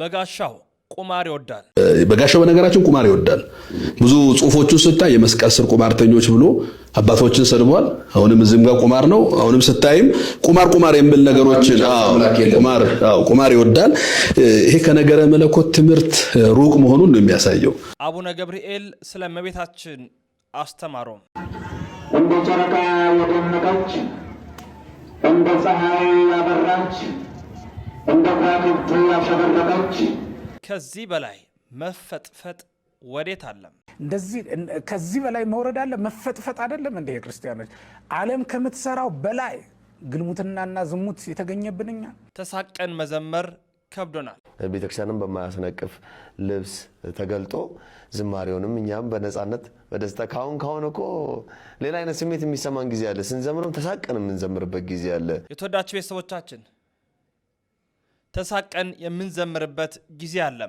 በጋሻው ቁማር ይወዳል። በጋሻው በነገራችን ቁማር ይወዳል። ብዙ ጽሁፎቹ ስታይ የመስቀል ስር ቁማርተኞች ብሎ አባቶችን ሰድቧል። አሁንም እዚህም ጋር ቁማር ነው። አሁንም ስታይም ቁማር ቁማር የሚል ነገሮችን ቁማር ይወዳል። ይሄ ከነገረ መለኮት ትምህርት ሩቅ መሆኑን ነው የሚያሳየው። አቡነ ገብርኤል ስለ እመቤታችን አስተማሩም እንደ ጨረቃ የደመቀች እንደ ፀሐይ ያበራች እንደ ብራቲብ ትላ ሸበረቀች። ከዚህ በላይ መፈጥፈጥ ወዴት አለም? እንደዚህ ከዚህ በላይ መውረድ አለ? መፈጥፈጥ አይደለም እንደ ክርስቲያኖች ዓለም ከምትሰራው በላይ ግልሙትናና ዝሙት የተገኘብን እኛ ተሳቀን መዘመር ከብዶናል። ቤተክርስቲያንም በማያስነቅፍ ልብስ ተገልጦ ዝማሬውንም እኛም በነፃነት በደስታ ካሁን ካሁን እኮ ሌላ አይነት ስሜት የሚሰማን ጊዜ አለ። ስንዘምርም ተሳቀን የምንዘምርበት ጊዜ አለ። የተወዳችሁ ቤተሰቦቻችን ተሳቀን የምንዘምርበት ጊዜ አለ።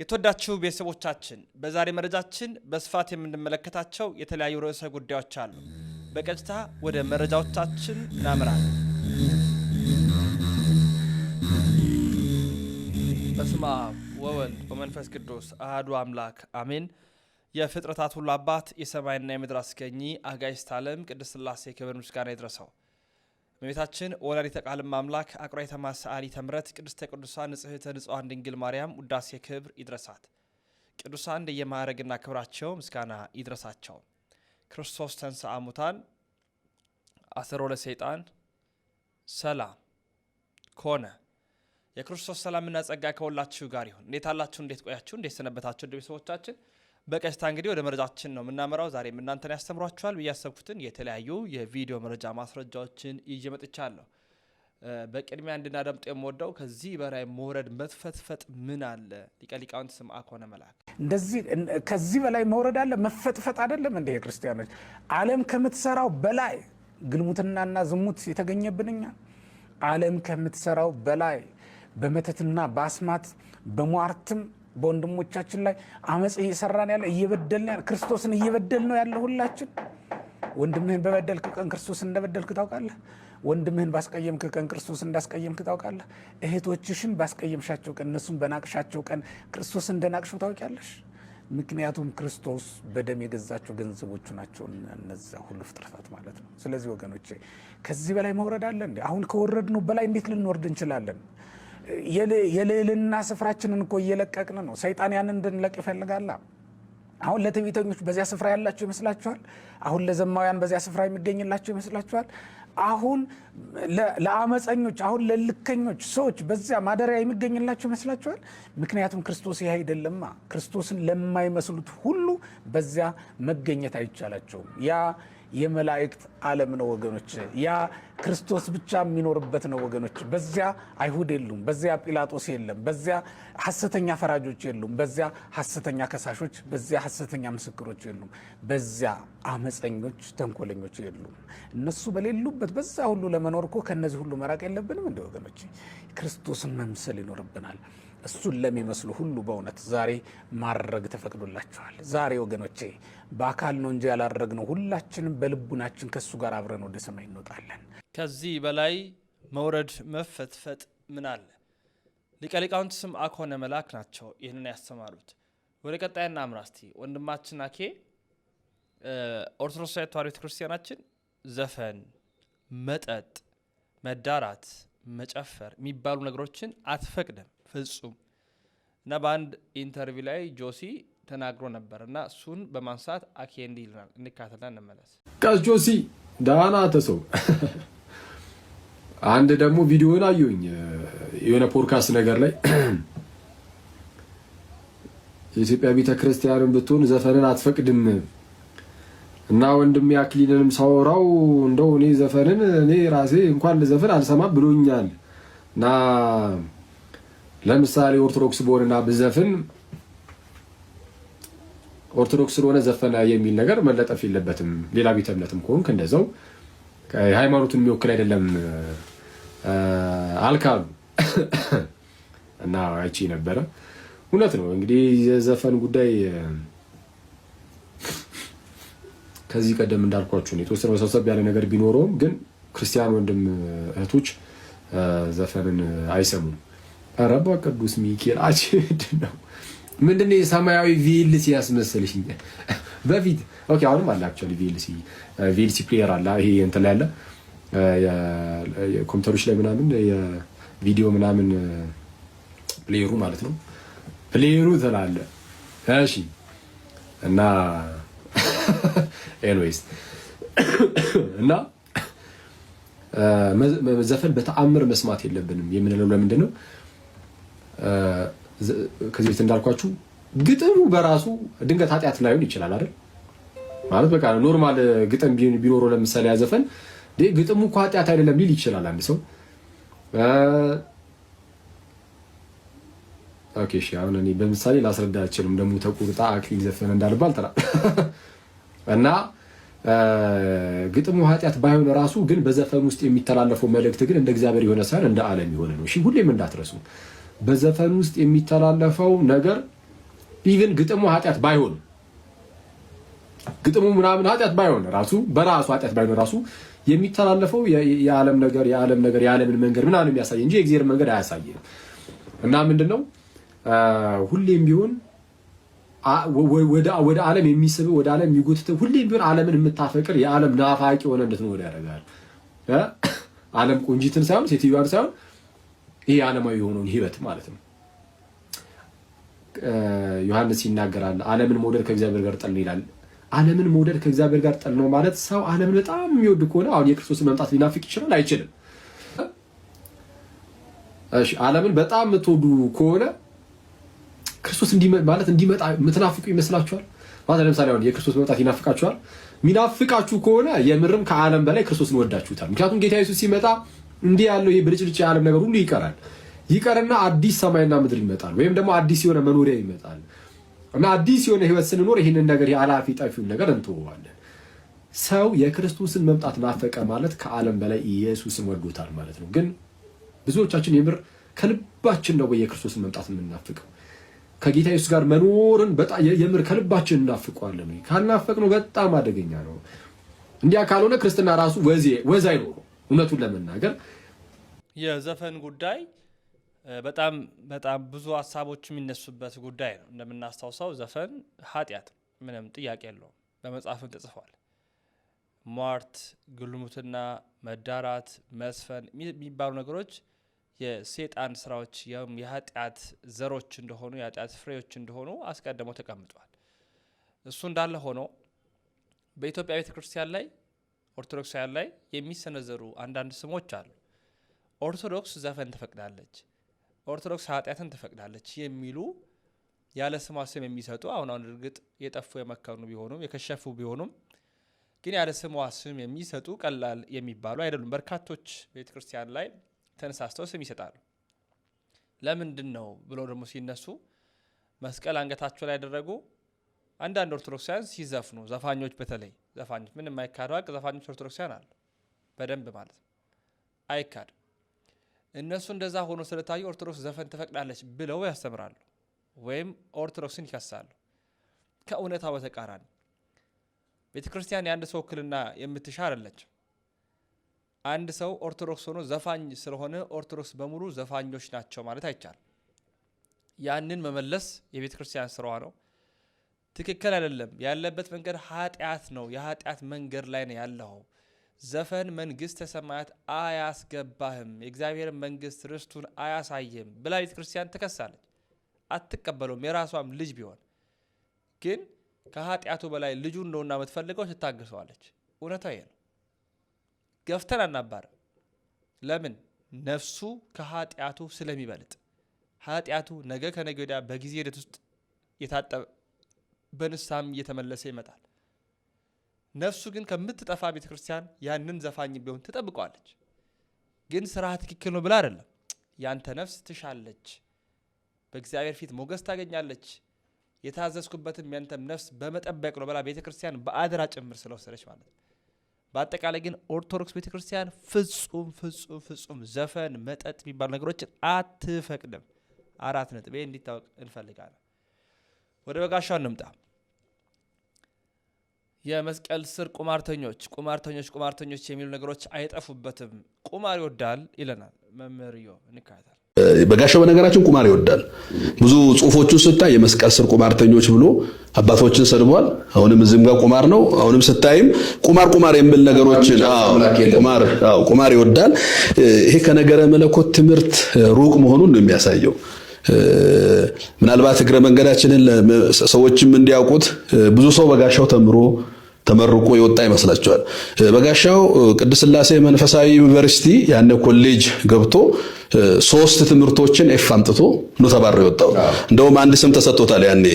የተወዳችሁ ቤተሰቦቻችን በዛሬ መረጃችን በስፋት የምንመለከታቸው የተለያዩ ርዕሰ ጉዳዮች አሉ። በቀጥታ ወደ መረጃዎቻችን እናምራለን። በስመ አብ ወወልድ በመንፈስ ቅዱስ አህዱ አምላክ አሜን። የፍጥረታት ሁሉ አባት የሰማይና የምድር አስገኚ አጋዕዝተ ዓለም ቅድስት ሥላሴ ክብር ምስጋና ይድረሰው። እመቤታችን ወላዲተ ቃል አምላክ አቁራይ ተማሳአሊ ተምረት ቅድስተ ቅዱሳን ንጽህተ ንጹሐን ድንግል ማርያም ውዳሴ ክብር ይድረሳት። ቅዱሳን እንደየማዕረግና ክብራቸው ምስጋና ይድረሳቸው። ክርስቶስ ተንሥአ እሙታን አሰሮ ለሰይጣን ሰላም ኮነ። የክርስቶስ ሰላምና ጸጋ ከሁላችሁ ጋር ይሁን። እንዴት አላችሁ? እንዴት ቆያችሁ? እንዴት ሰነበታችሁ? ቤተሰቦቻችን በቀስታ እንግዲህ ወደ መረጃችን ነው የምናመራው። ዛሬም እናንተን ያስተምሯችኋል ብዬ ያሰብኩትን የተለያዩ የቪዲዮ መረጃ ማስረጃዎችን ይዤ መጥቻለሁ። በቅድሚያ እንድናደምጡ የምወደው ከዚህ በላይ መውረድ መፈትፈጥ ምን አለ? ሊቀ ሊቃውንት ስምዐ ኮነ መልአክ እንደዚህ ከዚህ በላይ መውረድ አለ መፈጥፈጥ አይደለም እንደ ክርስቲያኖች ዓለም ከምትሰራው በላይ ግልሙትናና ዝሙት የተገኘብንኛ ዓለም ከምትሰራው በላይ በመተትና በአስማት በሟርትም በወንድሞቻችን ላይ አመፅ እየሰራን ያለ እየበደል ያለ ክርስቶስን እየበደል ነው ያለ ሁላችን። ወንድምህን በበደልክ ቀን ክርስቶስ እንደበደልክ ታውቃለህ። ወንድምህን ባስቀየምክ ቀን ክርስቶስ እንዳስቀየምክ ታውቃለህ። እህቶችሽን ባስቀየምሻቸው ቀን፣ እነሱን በናቅሻቸው ቀን ክርስቶስ እንደናቅሽው ታውቂያለሽ። ምክንያቱም ክርስቶስ በደም የገዛቸው ገንዘቦቹ ናቸው እነዛ ሁሉ ፍጥረታት ማለት ነው። ስለዚህ ወገኖቼ ከዚህ በላይ መውረድ አለ እንዴ? አሁን ከወረድነው በላይ እንዴት ልንወርድ እንችላለን? የልዕልና ስፍራችንን እኮ እየለቀቅን ነው። ሰይጣን ያንን እንድንለቅ ይፈልጋላ አሁን ለትዕቢተኞች በዚያ ስፍራ ያላቸው ይመስላችኋል? አሁን ለዘማውያን በዚያ ስፍራ የሚገኝላቸው ይመስላችኋል? አሁን ለአመፀኞች፣ አሁን ለልከኞች ሰዎች በዚያ ማደሪያ የሚገኝላቸው ይመስላችኋል? ምክንያቱም ክርስቶስ ይህ አይደለማ። ክርስቶስን ለማይመስሉት ሁሉ በዚያ መገኘት አይቻላቸውም ያ የመላእክት ዓለም ነው ወገኖች። ያ ክርስቶስ ብቻ የሚኖርበት ነው ወገኖች። በዚያ አይሁድ የሉም፣ በዚያ ጲላጦስ የለም፣ በዚያ ሐሰተኛ ፈራጆች የሉም፣ በዚያ ሐሰተኛ ከሳሾች፣ በዚያ ሐሰተኛ ምስክሮች የሉም፣ በዚያ አመፀኞች፣ ተንኮለኞች የሉም። እነሱ በሌሉበት በዛ ሁሉ ለመኖር እኮ ከነዚህ ሁሉ መራቅ የለብንም እንደ ወገኖች፣ ክርስቶስን መምሰል ይኖርብናል። እሱን ለሚመስሉ ሁሉ በእውነት ዛሬ ማድረግ ተፈቅዶላቸዋል። ዛሬ ወገኖቼ በአካል ነው እንጂ ያላረግነው ሁላችንም በልቡናችን ከእሱ ጋር አብረን ወደ ሰማይ እንወጣለን። ከዚህ በላይ መውረድ መፈትፈጥ ምን አለ? ሊቀ ሊቃውንት ስምዐ ኮነ መልአክ ናቸው ይህንን ያስተማሩት። ወደ ቀጣይ እናምራ እስቲ። ወንድማችን አኬ ኦርቶዶክስ ተዋሕዶ ቤተክርስቲያናችን ዘፈን፣ መጠጥ፣ መዳራት፣ መጨፈር የሚባሉ ነገሮችን አትፈቅድም። ፍጹም እና በአንድ ኢንተርቪው ላይ ጆሲ ተናግሮ ነበር እና እሱን በማንሳት አኬንዲ ይልናል። እንካተና እንመለስ። ቃስ ጆሲ ዳና ተሰው አንድ ደግሞ ቪዲዮን አየሁኝ የሆነ ፖድካስት ነገር ላይ የኢትዮጵያ ቤተ ክርስቲያንን ብትሆን ዘፈንን አትፈቅድም እና ወንድም ያክሊንንም ሳወራው እንደው እኔ ዘፈንን እኔ ራሴ እንኳን ለዘፈን አልሰማም ብሎኛል እና ለምሳሌ ኦርቶዶክስ በሆንና ብዘፍን ኦርቶዶክስ ስለሆነ ዘፈና የሚል ነገር መለጠፍ የለበትም። ሌላ ቤተ እምነትም ከሆንክ እንደዛው ሃይማኖቱን የሚወክል አይደለም አልካሉ እና አይቼ ነበረ። እውነት ነው እንግዲህ የዘፈን ጉዳይ ከዚህ ቀደም እንዳልኳችሁ የተወሰነ መሰብሰብ ያለ ነገር ቢኖረውም ግን ክርስቲያን ወንድም እህቶች ዘፈንን አይሰሙም። ረባ ቅዱስ ሚካኤል አችድ ነው። ምንድን የሰማያዊ ቪኤልሲ ያስመስልሽኝ በፊት ኦኬ። አሁንም አለ አክቹዋሊ ቪኤልሲ ቪኤልሲ ፕሌየር አለ። ይሄ እንትን ላይ ያለ ኮምፒውተሮች ላይ ምናምን የቪዲዮ ምናምን ፕሌየሩ ማለት ነው። ፕሌየሩ ትላለ። እሺ። እና ኤንዌይስ እና ዘፈን በተአምር መስማት የለብንም የምንለው ለምንድን ነው? ከዚህ በፊት እንዳልኳችሁ ግጥሙ በራሱ ድንገት ኃጢአት ላይሆን ይችላል አይደል? ማለት በቃ ኖርማል ግጥም ቢኖረው ለምሳሌ ያዘፈን ግጥሙ እኮ ኃጢአት አይደለም ሊል ይችላል አንድ ሰው። ኦኬ እሺ፣ አሁን እኔ በምሳሌ ላስረዳ አልችልም። ደግሞ ተቁርጣ አክሊል ዘፈነ እንዳልባል ተራ እና ግጥሙ ኃጢአት ባይሆን ራሱ ግን በዘፈን ውስጥ የሚተላለፈው መልእክት ግን እንደ እግዚአብሔር የሆነ ሳይሆን እንደ ዓለም የሆነ ነው። እሺ ሁሌም እንዳትረሱ። በዘፈን ውስጥ የሚተላለፈው ነገር ኢቭን ግጥሙ ኃጢአት ባይሆን ግጥሙ ምናምን ኃጢአት ባይሆን ራሱ በራሱ ኃጢአት ባይሆን ራሱ የሚተላለፈው የዓለም ነገር የዓለም ነገር የዓለምን መንገድ ምናምን የሚያሳይ እንጂ የእግዚአብሔር መንገድ አያሳየም። እና ምንድነው ሁሌም ቢሆን ወደ ዓለም የሚስብ ወደ ዓለም የሚጎትት ሁሌም ቢሆን ዓለምን የምታፈቅር የዓለም ናፋቂ የሆነ እንድትኖር ያደርጋል። ዓለም ቁንጂትን ሳይሆን ሴትዮዋን ሳይሆን ይህ ዓለማዊ የሆነውን ህይወት ማለት ነው። ዮሐንስ ይናገራል። ዓለምን መውደድ ከእግዚአብሔር ጋር ጠል ነው ይላል። ዓለምን መውደድ ከእግዚአብሔር ጋር ጠል ነው ማለት ሰው ዓለምን በጣም የሚወድ ከሆነ አሁን የክርስቶስን መምጣት ሊናፍቅ ይችላል? አይችልም። እሺ፣ ዓለምን በጣም የምትወዱ ከሆነ ክርስቶስ ማለት እንዲመጣ የምትናፍቁ ይመስላችኋል? ማለት ለምሳሌ አሁን የክርስቶስ መምጣት ይናፍቃችኋል? የሚናፍቃችሁ ከሆነ የምርም ከዓለም በላይ ክርስቶስን ወዳችሁታል። ምክንያቱም ጌታ ኢየሱስ ሲመጣ እንዲህ ያለው ይሄ ብልጭልጭ የዓለም ነገር ሁሉ ይቀራል። ይቀርና አዲስ ሰማይና ምድር ይመጣል፣ ወይም ደግሞ አዲስ የሆነ መኖሪያ ይመጣል። እና አዲስ የሆነ ህይወት ስንኖር ይህንን ነገር የአላፊ ጠፊውን ነገር እንትወዋለን። ሰው የክርስቶስን መምጣት ናፈቀ ማለት ከዓለም በላይ ኢየሱስን ወዶታል ማለት ነው። ግን ብዙዎቻችን የምር ከልባችን ነው የክርስቶስን መምጣት የምናፍቀው ከጌታ ኢየሱስ ጋር መኖርን የምር ከልባችን እናፍቀዋለን። ነው በጣም አደገኛ ነው። እንዲያ ካልሆነ ክርስትና ራሱ ወዝ አይኖረው እውነቱን ለመናገር የዘፈን ጉዳይ በጣም በጣም ብዙ ሀሳቦች የሚነሱበት ጉዳይ ነው። እንደምናስታውሰው ዘፈን ኃጢአት ምንም ጥያቄ የለውም፣ በመጽሐፍም ተጽፏል። ሟርት፣ ግልሙትና፣ መዳራት፣ መስፈን የሚባሉ ነገሮች የሴጣን ስራዎች ያውም የኃጢአት ዘሮች እንደሆኑ የኃጢአት ፍሬዎች እንደሆኑ አስቀድሞ ተቀምጧል። እሱ እንዳለ ሆኖ በኢትዮጵያ ቤተ ክርስቲያን ላይ ኦርቶዶክሳውያን ላይ የሚሰነዘሩ አንዳንድ ስሞች አሉ። ኦርቶዶክስ ዘፈን ትፈቅዳለች፣ ኦርቶዶክስ ኃጢአትን ትፈቅዳለች የሚሉ ያለ ስሟ ስም የሚሰጡ አሁን አሁን እርግጥ የጠፉ የመከኑ ቢሆኑም የከሸፉ ቢሆኑም ግን ያለ ስሟ ስም የሚሰጡ ቀላል የሚባሉ አይደሉም። በርካቶች ቤተ ክርስቲያን ላይ ተነሳስተው ስም ይሰጣሉ። ለምንድን ነው ብለው ደግሞ ሲነሱ መስቀል አንገታቸው ላይ ያደረጉ አንዳንድ ኦርቶዶክሳውያን ሲዘፍኑ ዘፋኞች በተለይ ዘፋኞች ምንም የማይካዱ ሀቅ ዘፋኞች ኦርቶዶክሳውያን አሉ፣ በደንብ ማለት ነው አይካድ እነሱ እንደዛ ሆኖ ስለታዩ ኦርቶዶክስ ዘፈን ትፈቅዳለች ብለው ያስተምራሉ ወይም ኦርቶዶክስን ይከሳሉ። ከእውነታው በተቃራኒ ቤተ ክርስቲያን የአንድ ሰው ውክልና የምትሻ አይደለችም። አንድ ሰው ኦርቶዶክስ ሆኖ ዘፋኝ ስለሆነ ኦርቶዶክስ በሙሉ ዘፋኞች ናቸው ማለት አይቻልም። ያንን መመለስ የቤተ ክርስቲያን ስራዋ ነው። ትክክል አይደለም። ያለበት መንገድ ኃጢአት ነው። የኃጢአት መንገድ ላይ ነው ያለው። ዘፈን መንግስተ ሰማያት አያስገባህም፣ የእግዚአብሔር መንግስት ርስቱን አያሳይም ብላ ቤተ ክርስቲያን ትከሳለች። አትቀበለውም። የራሷም ልጅ ቢሆን ግን ከኃጢአቱ በላይ ልጁ እንደሆና የምትፈልገው ትታግሰዋለች። እውነታው ይሄ ነው። ገፍተን አናባርም። ለምን? ነፍሱ ከኃጢአቱ ስለሚበልጥ ኃጢአቱ ነገ ከነገ ወዲያ በጊዜ ሂደት ውስጥ የታጠበ በንስሐም እየተመለሰ ይመጣል። ነፍሱ ግን ከምትጠፋ ቤተ ክርስቲያን ያንን ዘፋኝ ቢሆን ትጠብቀዋለች። ግን ስራ ትክክል ነው ብላ አይደለም። ያንተ ነፍስ ትሻለች፣ በእግዚአብሔር ፊት ሞገስ ታገኛለች። የታዘዝኩበትም ያንተም ነፍስ በመጠበቅ ነው ብላ ቤተ ክርስቲያን በአደራ ጭምር ስለወሰደች ማለት ነው። በአጠቃላይ ግን ኦርቶዶክስ ቤተ ክርስቲያን ፍጹም ፍጹም ፍጹም ዘፈን፣ መጠጥ የሚባሉ ነገሮችን አትፈቅድም። አራት ነጥብ እንዲታወቅ እንፈልጋለን። ወደ በጋሻው እንምጣ። የመስቀል ስር ቁማርተኞች ቁማርተኞች ቁማርተኞች የሚሉ ነገሮች አይጠፉበትም። ቁማር ይወዳል ይለናል መምህር ዮብ በጋሻው በነገራችን ቁማር ይወዳል። ብዙ ጽሁፎቹን ስታይ የመስቀል ስር ቁማርተኞች ብሎ አባቶችን ሰድቧል። አሁንም እዚህም ጋር ቁማር ነው። አሁንም ስታይም ቁማር ቁማር የሚል ነገሮችን ቁማር ይወዳል። ይሄ ከነገረ መለኮት ትምህርት ሩቅ መሆኑን ነው የሚያሳየው። ምናልባት እግረ መንገዳችንን ሰዎችም እንዲያውቁት ብዙ ሰው በጋሻው ተምሮ ተመርቆ የወጣ ይመስላቸዋል። በጋሻው ቅድስት ሥላሴ መንፈሳዊ ዩኒቨርሲቲ ያኔ ኮሌጅ ገብቶ ሶስት ትምህርቶችን ኤፍ አምጥቶ ነው ተባሮ የወጣው። እንደውም አንድ ስም ተሰጥቶታል ያኔ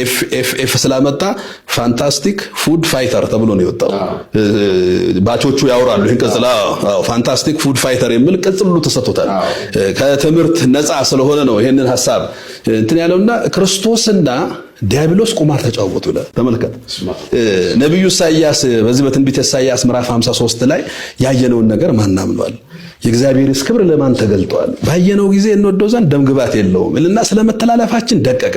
ኤፍ ኤፍ ኤፍ ስላመጣ ፋንታስቲክ ፉድ ፋይተር ተብሎ ነው የወጣው። ባቾቹ ያወራሉ ይህን ቅጽል። ፋንታስቲክ ፉድ ፋይተር የሚል ቅጽል ተሰጥቶታል። ከትምህርት ነፃ ስለሆነ ነው ይህንን ሀሳብ እንትን ያለውና ክርስቶስና ዲያብሎስ ቁማር ተጫወቱ ብለ ተመልከት። ነቢዩ ኢሳያስ በዚህ በትንቢት ኢሳያስ ምዕራፍ 53 ላይ ያየነውን ነገር ማናምኗል። የእግዚአብሔርስ ክብር ለማን ተገልጧል? ባየነው ጊዜ እንወደው ዘንድ ደምግባት የለውም እልና ስለ መተላለፋችን ደቀቀ፣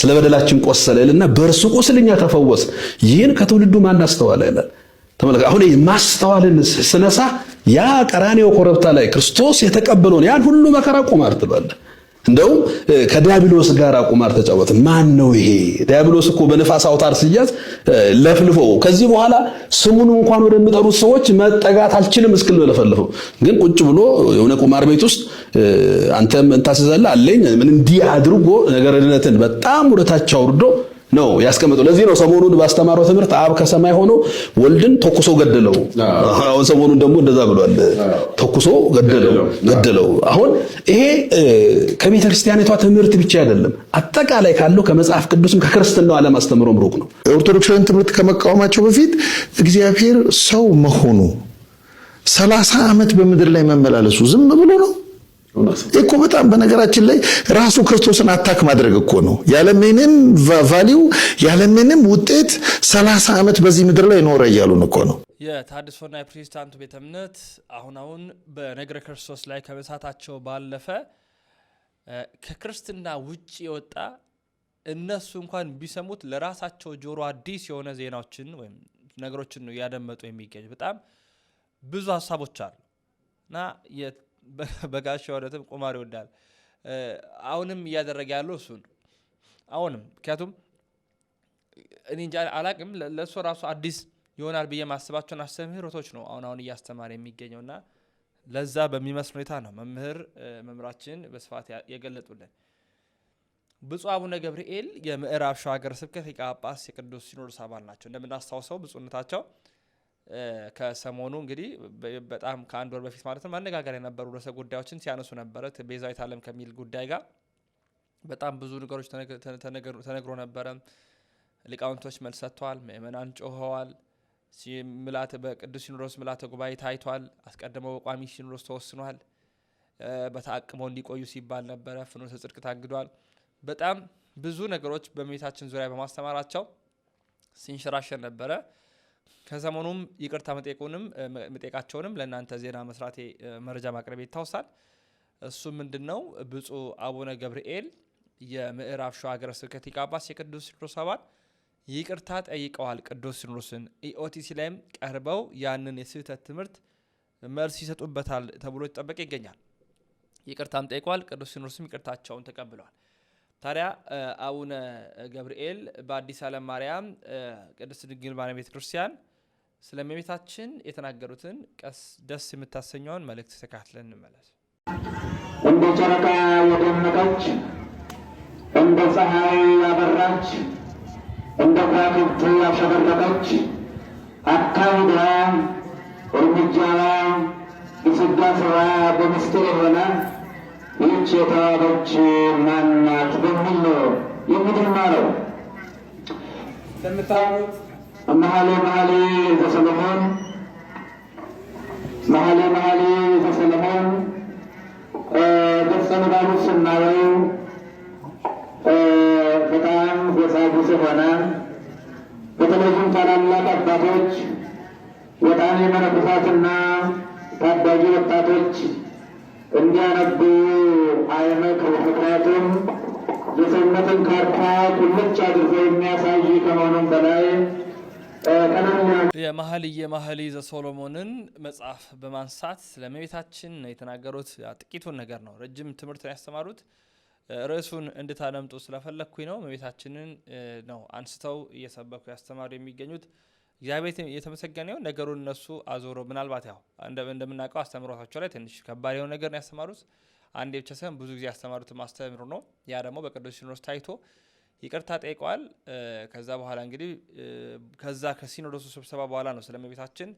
ስለ በደላችን ቆሰለ እልና በእርሱ ቁስል እኛ ተፈወስ። ይህን ከትውልዱ ማን አስተዋለ ይላል። ተመልከት። አሁን ማስተዋልን ስነሳ ያ ቀራኔው ኮረብታ ላይ ክርስቶስ የተቀበለውን ያን ሁሉ መከራ ቁማር ትባለ እንደው ከዲያብሎስ ጋር ቁማር ተጫወተ። ማን ነው ይሄ? ዲያብሎስ እኮ በነፋስ አውታር ሲያዝ ለፍልፎ ከዚህ በኋላ ስሙን እንኳን ወደሚጠሩት ሰዎች መጠጋት አልችልም እስክል ነው ለፈልፈው። ግን ቁጭ ብሎ የሆነ ቁማር ቤት ውስጥ አንተም እንታስዛለህ አለኝ ምን እንዲህ አድርጎ ነገረ በጣም ወደታች አውርዶ ነው ያስቀምጠው። ለዚህ ነው ሰሞኑን ባስተማረው ትምህርት አብ ከሰማይ ሆኖ ወልድን ተኩሶ ገደለው። አሁን ሰሞኑን ደግሞ እንደዛ ብሏል፣ ተኩሶ ገደለው ገደለው። አሁን ይሄ ከቤተ ክርስቲያኒቷ ትምህርት ብቻ አይደለም፣ አጠቃላይ ካለው ከመጽሐፍ ቅዱስም ከክርስትናው ዓለም አስተምሮም ሩቅ ነው። ኦርቶዶክሳውያን ትምህርት ከመቃወማቸው በፊት እግዚአብሔር ሰው መሆኑ ሰላሳ ዓመት በምድር ላይ መመላለሱ ዝም ብሎ ነው እኮ በጣም በነገራችን ላይ ራሱ ክርስቶስን አታክ ማድረግ እኮ ነው። ያለምንም ቫሊው ያለምንም ውጤት ሰላሳ ዓመት በዚህ ምድር ላይ ኖረ እያሉን እኮ ነው። የታድሶና የፕሮቴስታንቱ ቤተ እምነት አሁን አሁን በነገረ ክርስቶስ ላይ ከመሳታቸው ባለፈ ከክርስትና ውጭ የወጣ እነሱ እንኳን ቢሰሙት ለራሳቸው ጆሮ አዲስ የሆነ ዜናዎችን ወይም ነገሮችን ነው እያደመጡ የሚገኝ በጣም ብዙ ሀሳቦች አሉ እና በጋሻ ወደትም ቁማር ይወዳል። አሁንም እያደረገ ያለው እሱ ነው። አሁንም ምክንያቱም እኔ እንጃ አላቅም፣ ለእሱ ራሱ አዲስ ይሆናል ብዬ ማስባቸውን አስተምህሮቶች ነው አሁን አሁን እያስተማረ የሚገኘው እና ለዛ በሚመስል ሁኔታ ነው መምህር መምራችን በስፋት የገለጡልን። ብፁዕ አቡነ ገብርኤል የምዕራብ ሸዋ ሀገረ ስብከት ሊቀ ጳጳስ የቅዱስ ሲኖዶስ አባል ናቸው። እንደምናስታውሰው ብፁዕነታቸው ከሰሞኑ እንግዲህ በጣም ከአንድ ወር በፊት ማለት ነው መነጋገር የነበሩ ርዕሰ ጉዳዮችን ሲያነሱ ነበረ። ቤዛዊት ዓለም ከሚል ጉዳይ ጋር በጣም ብዙ ነገሮች ተነግሮ ነበረ። ሊቃውንቶች መልስ ሰጥተዋል። ምእመናን ጮኸዋል። ምልዓተ በቅዱስ ሲኖዶስ ምላተ ጉባኤ ታይቷል። አስቀድመው በቋሚ ሲኖዶስ ተወስኗል። በተአቅመው እንዲቆዩ ሲባል ነበረ። ፍኖተ ጽድቅ ታግዷል። በጣም ብዙ ነገሮች በእመቤታችን ዙሪያ በማስተማራቸው ሲንሸራሸር ነበረ። ከሰሞኑም ይቅርታ መጠየቁንም መጠየቃቸውንም ለእናንተ ዜና መስራቴ መረጃ ማቅረብ ይታወሳል። እሱ ምንድን ነው? ብፁዕ አቡነ ገብርኤል የምዕራብ ሸዋ ሀገረ ስብከት ሊቀ ጳጳስ የቅዱስ ሲኖዶስ አባል ይቅርታ ጠይቀዋል። ቅዱስ ሲኖዶስን ኢኦቲሲ ላይም ቀርበው ያንን የስህተት ትምህርት መልስ ይሰጡበታል ተብሎ ይጠበቅ ይገኛል። ይቅርታም ጠይቀዋል። ቅዱስ ሲኖዶስም ይቅርታቸውን ተቀብለዋል። ታዲያ አቡነ ገብርኤል በአዲስ ዓለም ማርያም ቅድስት ድንግል ማርያም ቤተ ክርስቲያን ስለ እመቤታችን የተናገሩትን ቀስ ደስ የምታሰኘውን መልእክት ተካትለን እንመለስ። እንደ ጨረቃ የደመቀች እንደ ፀሐይ ያበራች እንደ ከዋክብት ያሸበረቀች አካሂዷ፣ እርምጃዋ፣ የስጋ ስራ በምስጢር የሆነ ይህች የተዋበች ማናት በሚል ነው የሚድማ ነው። እንደምታውቁት መሀሌ መሀሌ ዘሰለሞን መሀሌ መሀሌ ዘሰለሞን ገጸ ንባቡ ስናወይ በጣም ጎሳጉስ ሆነ። በተለይም ታላላቅ አባቶች ወጣኔ የመነኮሳትና ታዳጊ ወጣቶች እንዲያነቡ አይነት ምክንያቱም የሰውነትን ካርታ ቁልጭ አድርጎ የሚያሳይ ከመሆኑም በላይ የመኃልየ መኃልይ ዘሶሎሞንን መጽሐፍ በማንሳት ለእመቤታችን ነው የተናገሩት። ጥቂቱን ነገር ነው፣ ረጅም ትምህርትን ያስተማሩት። ርዕሱን እንድታደምጡ ስለፈለግኩኝ ነው። እመቤታችንን ነው አንስተው እየሰበኩ ያስተማሩ የሚገኙት። እግዚአብሔር የተመሰገነው ነገሩን እነሱ አዞሮ ምናልባት ያው እንደምናውቀው አስተምሮታቸው ላይ ትንሽ ከባድ የሆነ ነገር ነው ያስተማሩት። አንዴ ብቻ ሳይሆን ብዙ ጊዜ ያስተማሩት ማስተምሩ ነው። ያ ደግሞ በቅዱስ ሲኖዶስ ታይቶ ይቅርታ ጠይቀዋል። ከዛ በኋላ እንግዲህ ከዛ ከሲኖዶሱ ስብሰባ በኋላ ነው ስለመቤታችን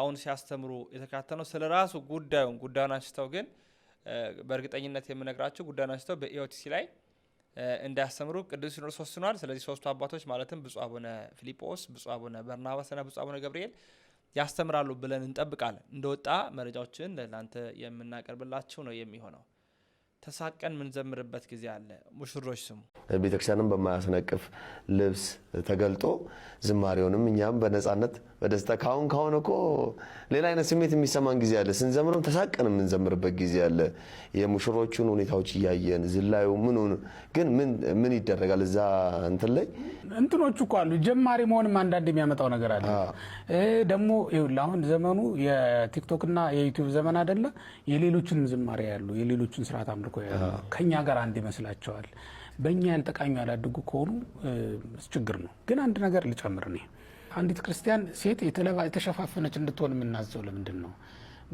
አሁን ሲያስተምሩ የተካተነው ስለ ራሱ ጉዳዩን ጉዳዩን አንስተው ግን በእርግጠኝነት የምነግራቸው ጉዳዩን አንስተው በኢኦቲሲ ላይ እንዳያስተምሩ ቅዱስ ሲኖዶስ ወስኗል። ስለዚህ ሶስቱ አባቶች ማለትም ብፁዕ አቡነ ፊሊጶስ፣ ብፁዕ አቡነ በርናባስና ብፁዕ አቡነ ገብርኤል ያስተምራሉ ብለን እንጠብቃለን። እንደወጣ መረጃዎችን ለእናንተ የምናቀርብላችሁ ነው የሚሆነው። ተሳቀን የምንዘምርበት ጊዜ አለ። ሙሽሮች ስሙ ቤተክርስቲያንም በማያስነቅፍ ልብስ ተገልጦ ዝማሬውንም እኛም በነፃነት በደስታ ካሁን ካሁን እኮ ሌላ አይነት ስሜት የሚሰማን ጊዜ አለ። ስንዘምርም ተሳቀን የምንዘምርበት ጊዜ አለ። የሙሽሮቹን ሁኔታዎች እያየን ዝላዩ ምን ግን ምን ይደረጋል እዛ እንትን ላይ እንትኖቹ እኮ አሉ። ጀማሪ መሆንም አንዳንድ የሚያመጣው ነገር አለ። ደግሞ አሁን ዘመኑ የቲክቶክና የዩቲዩብ ዘመን አይደለ? የሌሎችን ዝማሬ ያሉ የሌሎችን ስርዓት እኮ ከእኛ ጋር አንድ ይመስላቸዋል። በእኛ ያልጠቃኙ ያላደጉ ከሆኑ ችግር ነው። ግን አንድ ነገር ልጨምር እኔ አንዲት ክርስቲያን ሴት የተሸፋፈነች እንድትሆን የምናዘው ለምንድን ነው?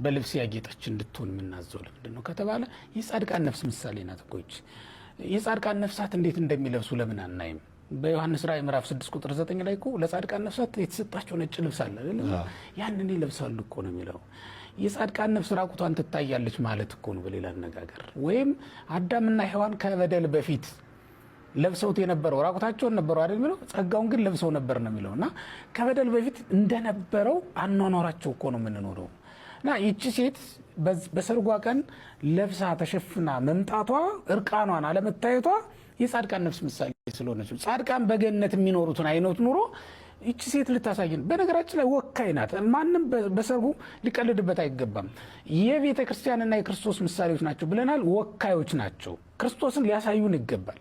በልብስ ያጌጠች እንድትሆን የምናዘው ለምንድን ነው ከተባለ የጻድቃን ነፍስ ምሳሌ ናት እኮ ይች። የጻድቃን ነፍሳት እንዴት እንደሚለብሱ ለምን አናይም? በዮሐንስ ራእይ ምዕራፍ 6 ቁጥር 9 ላይ እኮ ለጻድቃን ነፍሳት የተሰጣቸው ነጭ ልብስ አለ። ያንን ይለብሳሉ እኮ ነው የሚለው የጻድቃን ነፍስ ራቁቷን ትታያለች ማለት እኮ ነው። በሌላ አነጋገር ወይም አዳምና ሔዋን ከበደል በፊት ለብሰውት የነበረው ራቁታቸውን ነበረው አይደል የሚለው ጸጋውን ግን ለብሰው ነበር ነው የሚለው እና ከበደል በፊት እንደነበረው አኗኗራቸው እኮ ነው የምንኖረው እና ይቺ ሴት በሰርጓ ቀን ለብሳ ተሸፍና መምጣቷ እርቃኗን አለመታየቷ የጻድቃን ነፍስ ምሳሌ ስለሆነች ጻድቃን በገነት የሚኖሩትን አይነት ኑሮ ይቺ ሴት ልታሳየን በነገራችን ላይ ወካይ ናት። ማንም በሰርጉ ሊቀልድበት አይገባም። የቤተ ክርስቲያንና የክርስቶስ ምሳሌዎች ናቸው ብለናል። ወካዮች ናቸው። ክርስቶስን ሊያሳዩን ይገባል።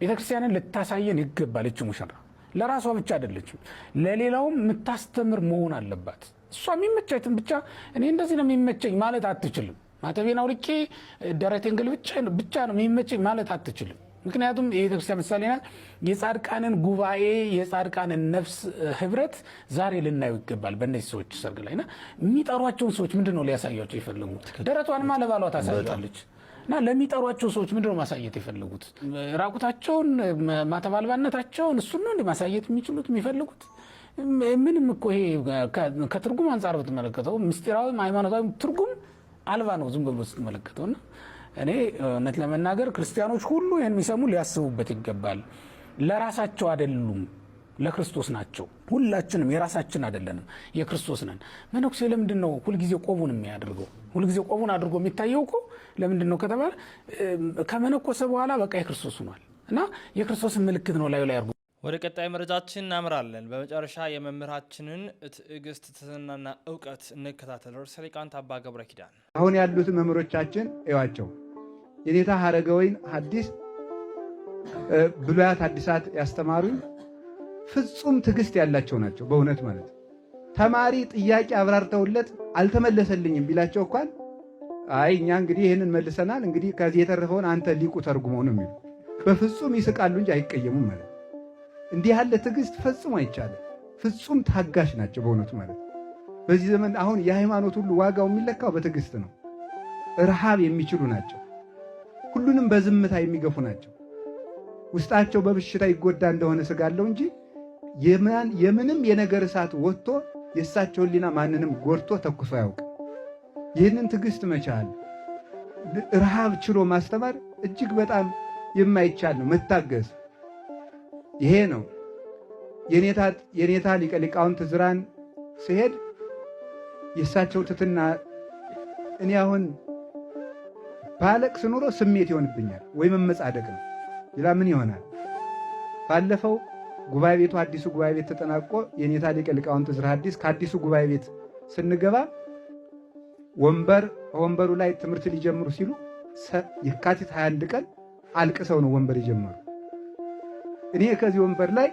ቤተ ክርስቲያንን ልታሳየን ይገባል። እች ሙሽራ ለራሷ ብቻ አይደለችም፣ ለሌላውም የምታስተምር መሆን አለባት። እሷ የሚመቻትን ብቻ እኔ እንደዚህ ነው የሚመቸኝ ማለት አትችልም። ማተቤን አውልቄ ደረቴን ብቻ ነው የሚመቸኝ ማለት አትችልም። ምክንያቱም የቤተክርስቲያን ምሳሌ ናት። የጻድቃንን ጉባኤ የጻድቃንን ነፍስ ህብረት ዛሬ ልናየው ይገባል። በእነዚህ ሰዎች ሰርግ ና የሚጠሯቸውን ሰዎች ምንድን ነው ሊያሳያቸው የፈለጉት? ደረቷንማ ለባሏ ታሳያለች እና ለሚጠሯቸው ሰዎች ምንድነው ማሳየት የፈለጉት? ራቁታቸውን ማተባልባነታቸውን አልባነታቸውን እሱን ነው እንደ ማሳየት የሚችሉት የሚፈልጉት? ምንም እኮ ይሄ ከትርጉም አንጻር ብትመለከተው ምስጢራዊም ሃይማኖታዊም ትርጉም አልባ ነው ዝም ብሎ ስትመለከተውና እኔ እውነት ለመናገር ክርስቲያኖች ሁሉ ይህን የሚሰሙ ሊያስቡበት ይገባል። ለራሳቸው አይደሉም፣ ለክርስቶስ ናቸው። ሁላችንም የራሳችን አይደለንም፣ የክርስቶስ ነን። መነኩሴ ለምንድን ነው ሁልጊዜ ቆቡን የሚያደርገው? ሁልጊዜ ቆቡን አድርጎ የሚታየው እኮ ለምንድን ነው ከተባለ ከመነኮሰ በኋላ በቃ የክርስቶስ ሆኗል እና የክርስቶስን ምልክት ነው ላዩ ላይ ወደ ቀጣይ መረጃችን እናምራለን። በመጨረሻ የመምህራችንን ትዕግስት ትህትናና እውቀት እንከታተል። ርዕሰ ሊቃውንት አባ ገብረ ኪዳን አሁን ያሉት መምህሮቻችን እዩዋቸው። የኔታ ሀረገ ወይን ሐዲስ ብሉያት አዲሳት ያስተማሩ ፍጹም ትዕግስት ያላቸው ናቸው። በእውነት ማለት ተማሪ ጥያቄ አብራርተውለት አልተመለሰልኝም ቢላቸው እንኳን አይ እኛ እንግዲህ ይህንን መልሰናል፣ እንግዲህ ከዚህ የተረፈውን አንተ ሊቁ ተርጉመው ነው የሚሉ በፍጹም ይስቃሉ እንጂ አይቀየሙም ማለት እንዲህ ያለ ትዕግስት ፈጽሞ አይቻልም። ፍጹም ታጋሽ ናቸው በእውነቱ ማለት በዚህ ዘመን አሁን የሃይማኖት ሁሉ ዋጋው የሚለካው በትዕግስት ነው። ረሃብ የሚችሉ ናቸው። ሁሉንም በዝምታ የሚገፉ ናቸው። ውስጣቸው በብሽታ ይጎዳ እንደሆነ ስጋለው እንጂ የምንም የነገር እሳት ወጥቶ የእሳቸው ሕሊና ማንንም ጎድቶ ተኩሶ አያውቅም። ይህንን ትዕግስት መቻል ረሃብ ችሎ ማስተማር እጅግ በጣም የማይቻል ነው መታገስ ይሄ ነው። የኔታ ሊቀ ሊቃውንት ዝራን ስሄድ የእሳቸው ትትና እኔ አሁን ባለቅስ ኑሮ ስሜት ይሆንብኛል ወይም መጻደቅ ነው። ሌላ ምን ይሆናል? ባለፈው ጉባኤ ቤቱ አዲሱ ጉባኤ ቤት ተጠናቆ የኔታ ሊቀ ሊቃውንት ዝራ አዲስ ከአዲሱ ጉባኤ ቤት ስንገባ ወንበር ወንበሩ ላይ ትምህርት ሊጀምሩ ሲሉ የካቲት 21 ቀን አልቅሰው ነው ወንበር የጀመሩ። እኔ ከዚህ ወንበር ላይ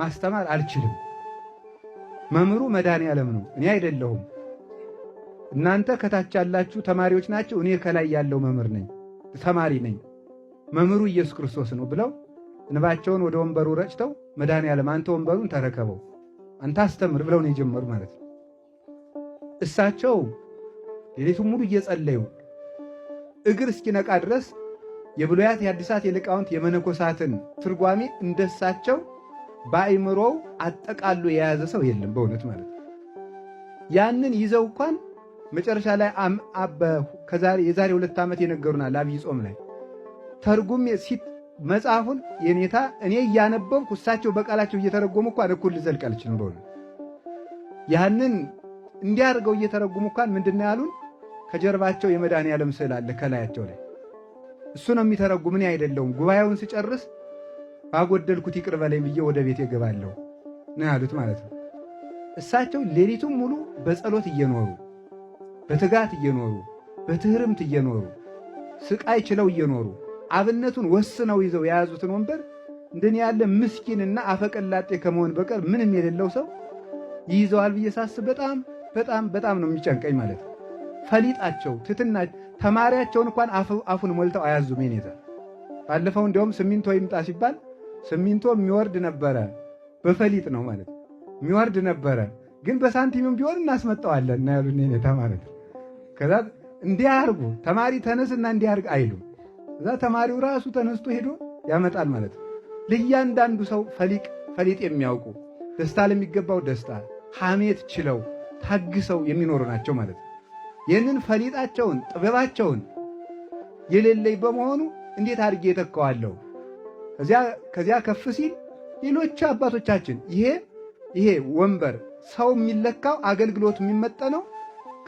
ማስተማር አልችልም። መምህሩ መድኃኔ ዓለም ነው፣ እኔ አይደለሁም። እናንተ ከታች ያላችሁ ተማሪዎች ናቸው፣ እኔ ከላይ ያለው መምህር ነኝ፣ ተማሪ ነኝ። መምህሩ ኢየሱስ ክርስቶስ ነው ብለው እንባቸውን ወደ ወንበሩ ረጭተው መድኃኔ አንተ ወንበሩን ተረከበው፣ አንተ አስተምር ብለው ነው የጀመሩ ማለት ነው። እሳቸው ሌሊቱን ሙሉ እየጸለዩ እግር እስኪነቃ ድረስ የብሉያት የአዲሳት የሊቃውንት የመነኮሳትን ትርጓሜ እንደሳቸው በአእምሮው አጠቃሉ የያዘ ሰው የለም። በእውነት ማለት ያንን ይዘው እንኳን መጨረሻ ላይ የዛሬ ሁለት ዓመት የነገሩና ለአብይ ጾም ላይ ተርጉም መጽሐፉን የኔታ እኔ እያነበብኩ እሳቸው በቃላቸው እየተረጎሙ እኳ እኩል ልዘልቅ አልችልም። በእውነት ያንን እንዲያደርገው እየተረጉሙ እንኳን ምንድን ነው ያሉን? ከጀርባቸው የመድኃኔዓለም ስዕል አለ ከላያቸው ላይ እሱ ነው የሚተረጉ ምን አይደለውም ጉባኤውን ስጨርስ ባጎደልኩት ይቅር በለኝ ብዬ ወደ ቤት እገባለሁ ነው ያሉት ማለት ነው። እሳቸው ሌሊቱም ሙሉ በጸሎት እየኖሩ በትጋት እየኖሩ በትህርምት እየኖሩ ስቃይ ችለው እየኖሩ አብነቱን ወስነው ይዘው የያዙትን ወንበር እንደኔ ያለ ምስኪንና አፈቀላጤ ከመሆን በቀር ምንም የሌለው ሰው ይይዘዋል ብዬ ሳስብ በጣም በጣም በጣም ነው የሚጨንቀኝ ማለት ነው። ፈሊጣቸው ትትና ተማሪያቸውን እንኳን አፉን ሞልተው አያዙም። የኔታ ባለፈው እንዲያውም ስሚንቶ ይምጣ ሲባል ስሚንቶ የሚወርድ ነበረ፣ በፈሊጥ ነው ማለት የሚወርድ ነበረ፣ ግን በሳንቲምም ቢሆን እናስመጣዋለን እና ያሉን የኔታ ማለት ከዛ እንዲህ አርጉ ተማሪ ተነስና እንዲህ አርግ አይሉም። እዛ ተማሪው ራሱ ተነስቶ ሄዶ ያመጣል ማለት ለእያንዳንዱ ሰው ፈሊቅ ፈሊጥ የሚያውቁ ደስታ ለሚገባው ደስታ ሐሜት ችለው ታግሰው የሚኖሩ ናቸው ማለት ነው። ይህንን ፈሊጣቸውን ጥበባቸውን የሌለኝ በመሆኑ እንዴት አድርጌ የተከዋለሁ? ከዚያ ከፍ ሲል ሌሎቹ አባቶቻችን ይሄ ይሄ ወንበር ሰው የሚለካው አገልግሎት የሚመጠነው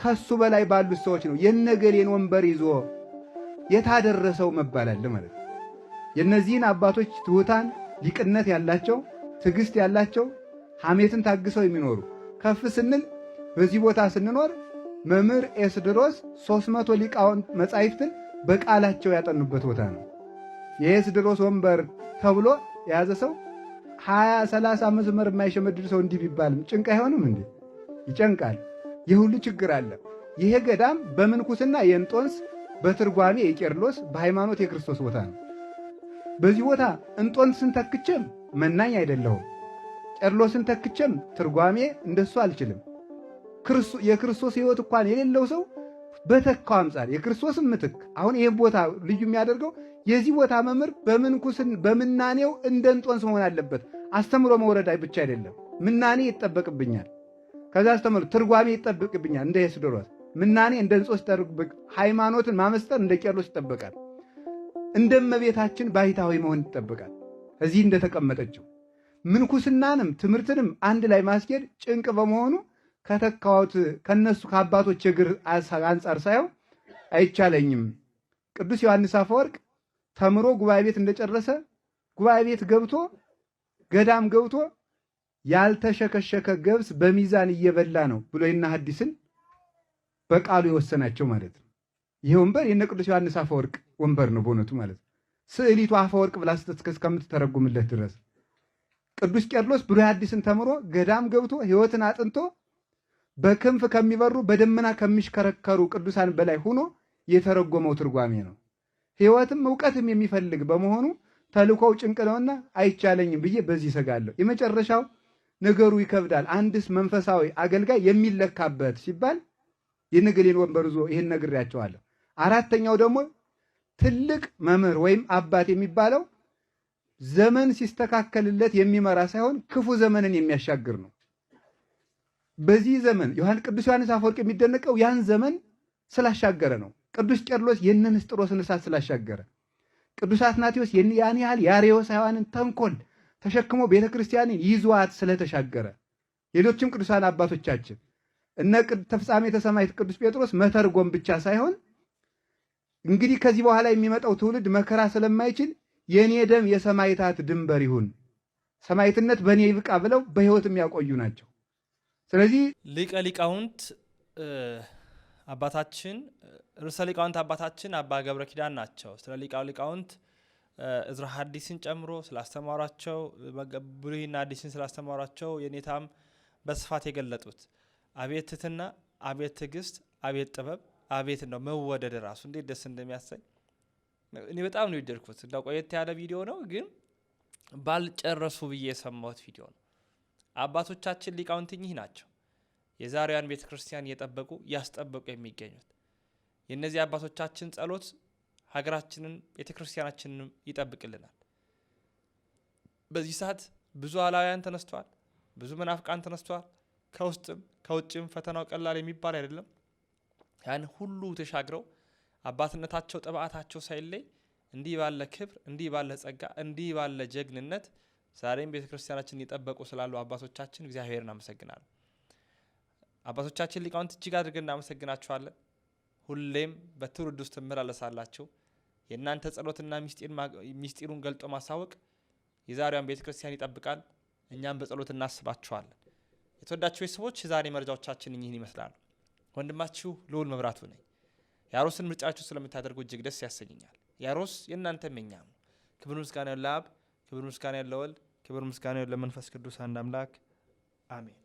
ከሱ በላይ ባሉት ሰዎች ነው። የነገሌን ወንበር ይዞ የታደረሰው መባላል ማለት የነዚህን የእነዚህን አባቶች ትሑታን ሊቅነት ያላቸው ትግስት ያላቸው ሐሜትን ታግሰው የሚኖሩ ከፍ ስንል በዚህ ቦታ ስንኖር መምህር ኤስድሮስ 300 ሊቃውንት መጻሕፍትን በቃላቸው ያጠኑበት ቦታ ነው። የኤስድሮስ ወንበር ተብሎ የያዘ ሰው 20 30 መዝመር የማይሸመድድ ሰው እንዲህ ቢባልም ጭንቅ አይሆንም እንዴ? ይጨንቃል። የሁሉ ችግር አለ። ይሄ ገዳም በምንኩስና የእንጦንስ በትርጓሜ የቄርሎስ በሃይማኖት የክርስቶስ ቦታ ነው። በዚህ ቦታ እንጦንስን ተክቼም መናኝ አይደለሁም። ቄርሎስን ተክቼም ትርጓሜ እንደሱ አልችልም። የክርስቶስ ህይወት እንኳን የሌለው ሰው በተካው አምጻር የክርስቶስን ምትክ አሁን ይህን ቦታ ልዩ የሚያደርገው የዚህ ቦታ መምህር በምንኩስን በምናኔው እንደ እንጦንስ መሆን አለበት። አስተምሮ መውረድ ብቻ አይደለም፣ ምናኔ ይጠበቅብኛል። ከዛ አስተምሮ ትርጓሜ ይጠበቅብኛል። እንደ ሄስዶሮስ ምናኔ እንደ እንጦንስ ይጠበቅ፣ ሃይማኖትን ማመስጠር እንደ ቄርሎስ ይጠበቃል። እንደ እመቤታችን ባሕታዊ መሆን ይጠበቃል። እዚህ እንደተቀመጠችው ምንኩስናንም ትምህርትንም አንድ ላይ ማስኬድ ጭንቅ በመሆኑ ከተካሁት ከነሱ ከአባቶች እግር አንጻር ሳየው አይቻለኝም። ቅዱስ ዮሐንስ አፈወርቅ ተምሮ ጉባኤ ቤት እንደጨረሰ ጉባኤ ቤት ገብቶ ገዳም ገብቶ ያልተሸከሸከ ገብስ በሚዛን እየበላ ነው ብሎ ይና ሐዲስን በቃሉ የወሰናቸው ማለት ነው። ይህ ወንበር የነ ቅዱስ ዮሐንስ አፈወርቅ ወንበር ነው በእውነቱ ማለት ነው። ስዕሊቱ አፈወርቅ ብላ እስከምትተረጉምለት ድረስ ቅዱስ ቄርሎስ ብሉይ ሐዲስን ተምሮ ገዳም ገብቶ ሕይወትን አጥንቶ በክንፍ ከሚበሩ በደመና ከሚሽከረከሩ ቅዱሳን በላይ ሆኖ የተረጎመው ትርጓሜ ነው። ሕይወትም እውቀትም የሚፈልግ በመሆኑ ተልኮው ጭንቅ ነውና አይቻለኝም ብዬ በዚህ ሰጋለሁ። የመጨረሻው ነገሩ ይከብዳል። አንድስ መንፈሳዊ አገልጋይ የሚለካበት ሲባል የነገሌን ወንበር ይዞ ይህን ነግሬያቸዋለሁ። አራተኛው ደግሞ ትልቅ መምህር ወይም አባት የሚባለው ዘመን ሲስተካከልለት የሚመራ ሳይሆን ክፉ ዘመንን የሚያሻግር ነው። በዚህ ዘመን ዮሐን ቅዱስ ዮሐንስ አፈወርቅ የሚደነቀው ያን ዘመን ስላሻገረ ነው። ቅዱስ ቄርሎስ የእነ ንስጥሮስን እሳት ስላሻገረ፣ ቅዱስ አትናቴዎስ ያን ያህል የአርዮሳውያንን ተንኮል ተሸክሞ ቤተ ክርስቲያንን ይዟት ስለተሻገረ፣ ሌሎችም ቅዱሳን አባቶቻችን እነ ተፍጻሜ ተሰማዕት ቅዱስ ጴጥሮስ መተርጎም ብቻ ሳይሆን እንግዲህ ከዚህ በኋላ የሚመጣው ትውልድ መከራ ስለማይችል የእኔ ደም የሰማይታት ድንበር ይሁን፣ ሰማይትነት በእኔ ይብቃ ብለው በሕይወት የሚያቆዩ ናቸው። ስለዚህ ሊቀ ሊቃውንት አባታችን ርዕሰ ሊቃውንት አባታችን አባ ገብረ ኪዳን ናቸው። ስለ ሊቃ ሊቃውንት እዝራ ሐዲስን ጨምሮ ስላስተማሯቸው ብሉይና አዲስን ስላስተማሯቸው የኔታም በስፋት የገለጡት አቤት ትትና፣ አቤት ትግስት አቤት ጥበብ፣ አቤት ነው መወደድ ራሱ እንዴት ደስ እንደሚያሰኝ እኔ በጣም ነው የወደድኩት። እንደ ቆየት ያለ ቪዲዮ ነው ግን ባልጨረሱ ብዬ የሰማሁት ቪዲዮ ነው። አባቶቻችን ሊቃውንት እኚህ ናቸው የዛሬዋን ቤተ ክርስቲያን እየጠበቁ እያስጠበቁ የሚገኙት። የእነዚህ አባቶቻችን ጸሎት ሀገራችንን ቤተ ክርስቲያናችንንም ይጠብቅልናል። በዚህ ሰዓት ብዙ አላውያን ተነስተዋል፣ ብዙ መናፍቃን ተነስተዋል። ከውስጥም ከውጭም ፈተናው ቀላል የሚባል አይደለም። ያን ሁሉ ተሻግረው አባትነታቸው ጥብዓታቸው ሳይለይ እንዲህ ባለ ክብር፣ እንዲህ ባለ ጸጋ፣ እንዲህ ባለ ጀግንነት ዛሬም ቤተ ክርስቲያናችን የጠበቁ ስላሉ አባቶቻችን እግዚአብሔር እናመሰግናል። አባቶቻችን ሊቃውንት እጅግ አድርገን እናመሰግናችኋለን። ሁሌም በትውልድ ውስጥ ትመላለሳላችሁ። የእናንተ ጸሎትና ሚስጢሩን ገልጦ ማሳወቅ የዛሬዋን ቤተ ክርስቲያን ይጠብቃል። እኛም በጸሎት እናስባችኋለን። የተወዳችሁ ቤተሰቦች የዛሬ መረጃዎቻችን እኚህን ይመስላሉ። ወንድማችሁ ልዑል መብራቱ ነኝ። የአሮስን ምርጫችሁ ስለምታደርጉ እጅግ ደስ ያሰኘኛል። የአሮስ የእናንተም የኛም ነው። ክብር ምስጋና ለአብ ክብር ምስጋና ያለ ክብር ምስጋና ለመንፈስ መንፈስ ቅዱስ አንድ አምላክ አሜን።